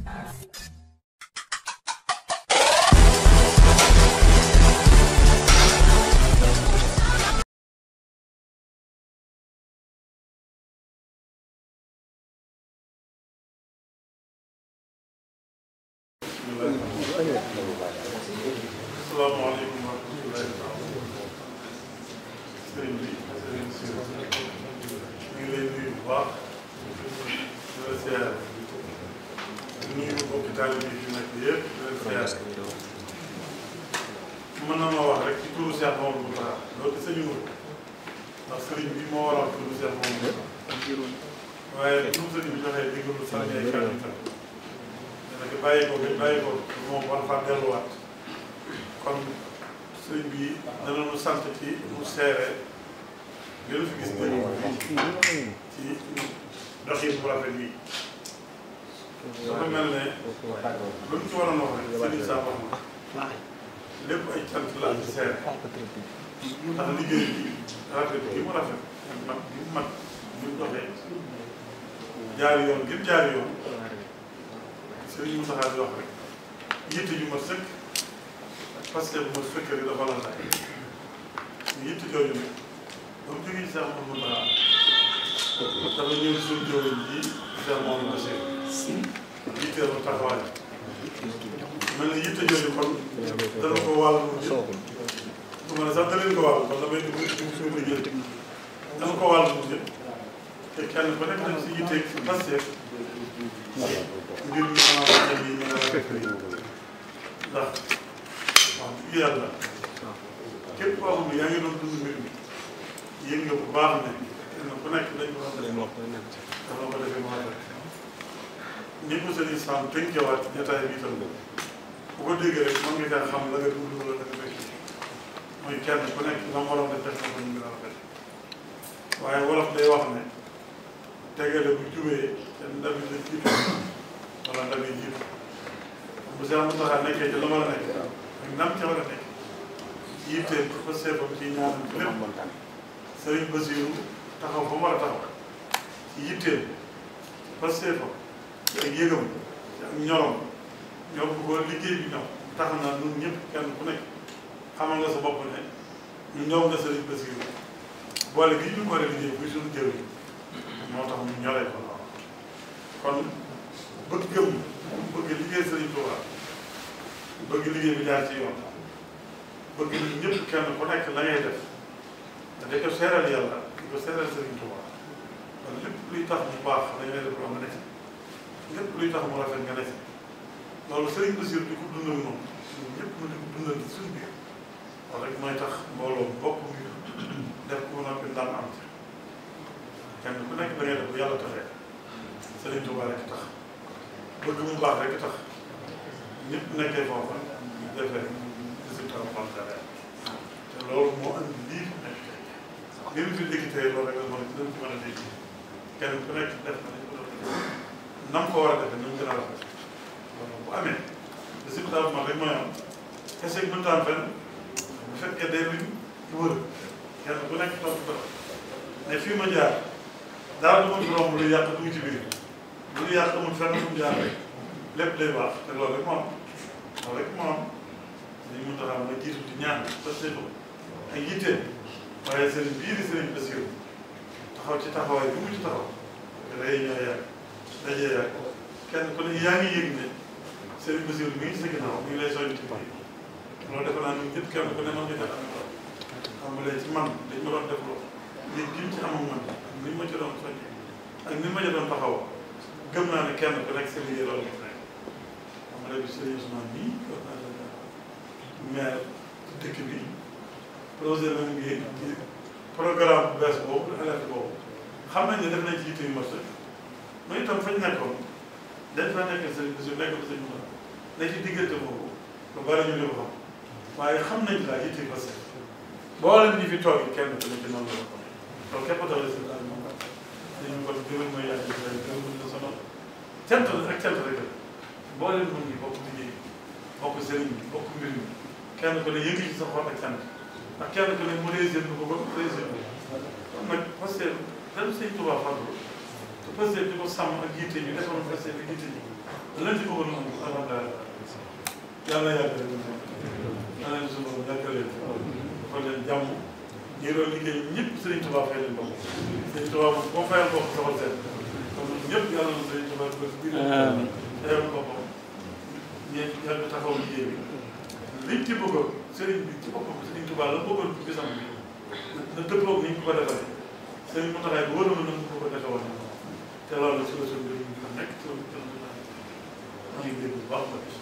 Assalamu alaikum wa rahmatullahi ziar mën na ma wax rek ci turu Cheikh Mamadou Moustapha loolu te sëriñ wut ndax sëriñ bi moo waral turu Cheikh Mamadou Moustapha waaye turu sëriñ bi joxee diggalu sànni ay kàddu daanaka bàyyi ko bañ bàyyi ko moom war faa delluwaat kon sëriñ bi dana nu sant ci mu seere gën a fi gis dëgg ci doxin bu rafet bi dafa mel ne lu mu ci waroon wax rek Serigne Sam wax na lépp ay cant la ak seer ndax liggéey bi rafet bi mu rafet mag bi mu mag ñu doxee jaari yoon ngir jaari yoon Serigne Moussa di wax rek yitte ju ma sëkk parce que bu ma sëkk rek dafa la laaj yitte jooju nag ba mu jógee ci sax moom dafa ñëw suñu jëwriñ ji Cheikh Mouhamadou Bachir jiiteel ma taxawaay mel na yitte jooju kon dana ko wàll mu jël su ma ne sax da leen ko wàll kon damay dugg ci suñu liggéey dana ko wàll mu jël te kenn ku nekk nag si yitteeg si pasteef ngir ñu mën a waxee nii ñu ndax wax dëgg yàlla képp koo xam ne yaa ngi doon dund mbir mi yëg nga bu baax ne na ku nekk dañ ko ko defee mën a def ni ko sëriñ Sam tënkewaat jotaay bi itam bu ko déggee rek mën nga caa xam la nga dund wala la nga fekk muy kenn ku nekkee ci la nekk ak ndam ca war a nekk yitteel ko fa seefam ci taxaw ba mën a taxaw ci yitteem pasteefam ci ak bu ko liggéey bi ñoom tax na ñun ñëpp kenn ku nekk xamal nga sa bopp ne ñu ñoom nga sëriñ Basiru boole gi ñu boole liggéey bi suñu jëriñ moo tax ñu ñoree ko lool kon bëggam bëgg liggéey sëriñ Tuuba bëgg liggéey bi jaar ci yoon bëgg ñun ñëpp kenn ku nekk la ngay def da def seeral nga seetal Sëriñ Tuubaa kon lépp luy tax mu baax dañ lay def loo nga nekk luy tax mu rafet nga nekk loolu Sëriñ Basiru di ko dundal noonu ñun ñëpp mu di ko dundal ci suñu biir loolu rek mooy tax mbooloo bokk ngir def ko noppi ndam am ci kenn ku nekk da ngay def bu yàlla taxee Sëriñ Tuubaa rek tax bëgg mu baax rek tax ñëpp nekkee foofa ñu defee résultat bu baax te loolu moo andi lii li mu fi liggéey loolu rek la mën a dina ci mën a dégg kenn ku nekk def na li ko doon def nam ko war a defee ñu gën a rafet bu amee résultat bu mag rek mooy am kese bi mënut a am benn bu fekkee day luñ lu wër kenn ku nekk toog ko ne fii ma jaar dara du ma ci romb lu yàq dugg ci biir lu ñu yàq amul fenn fu mu jaar rek lépp day baax te loolu rek moo am loolu rek moo am dañu mënut a xam nga jiitu di ñaan sa séddoo ak yittee waaye sëriñ bii di sëriñ taxaw ci taxawaay bi mu ci taxaw rey ñoo yàgg daje yàgg kenn ku ne yaa ngi yëg ne sëriñ Basiru mi ngi ci sa ginnaaw mi ngi lay soññ ci mbay loolu defe naa ñun ñëpp kenn ku ne mën nga def am lool tàmbalee ci man dañ ma ci amoon man ak ni ma ci doon soññ ak ni ma ci doon taxaw gëm naa ne kenn ku nekk sëriñ yi loolu nga tàmbalee bi sëriñ Ousmane bii maire dëkk bi projet la ngi programme bu bees boobu alerte boobu xam nañ ne def nañ ci yitte yu mat sëkk mu itam fañ nekkoon dañ fa nekk sëriñ bi su nekk bi sëriñ mën na ci diggante boobu lu bari ñu di ko xam waaye xam nañ laa yitte yu mat sëkk boo leen di fi toog kenn ku nekk noonu la ko loolu képp doole si daal moom dañu ko gërëm mooy yàgg si daal gërëm la sonal cant la ak cant rek la boo leen mën ñi bokk liggéey bokk sëriñ bi bokk mbir mi kenn ku ne yëngu ci sa xol ak sant ndax kenn ku ne mu réussir ko ba réussir ko kon nag Pastef dem Sëñ Tuubaa farlu te Pastef di ko sàmm ak yitte ñu defoon Pastef bi yitte ñu lan ci bëggoon am alhamdulilah yàlla yàggal leen yàlla leen suñu borom yàggal leen defal leen jàmm ñi doon liggéey ñëpp Sëriñ Tuubaa fay leen bopp Sëriñ Tuubaa moom boo fayal bopp soxal seen kon ñëpp yàlla na Sëriñ Tuubaa fayal bopp ñeent yàgg taxaw liggéey bi liñ ci bëggoon sëriñ bi ci boppam sëriñ Tuubaa la bëggoon ci bisam bi na dëppoog ni ñu ko defaree sëriñ Mountakha bu wóor na ma ko defee woon te loolu si la suñu mbir mi nekk ci loolu ci la ñu ngi dégg bu baax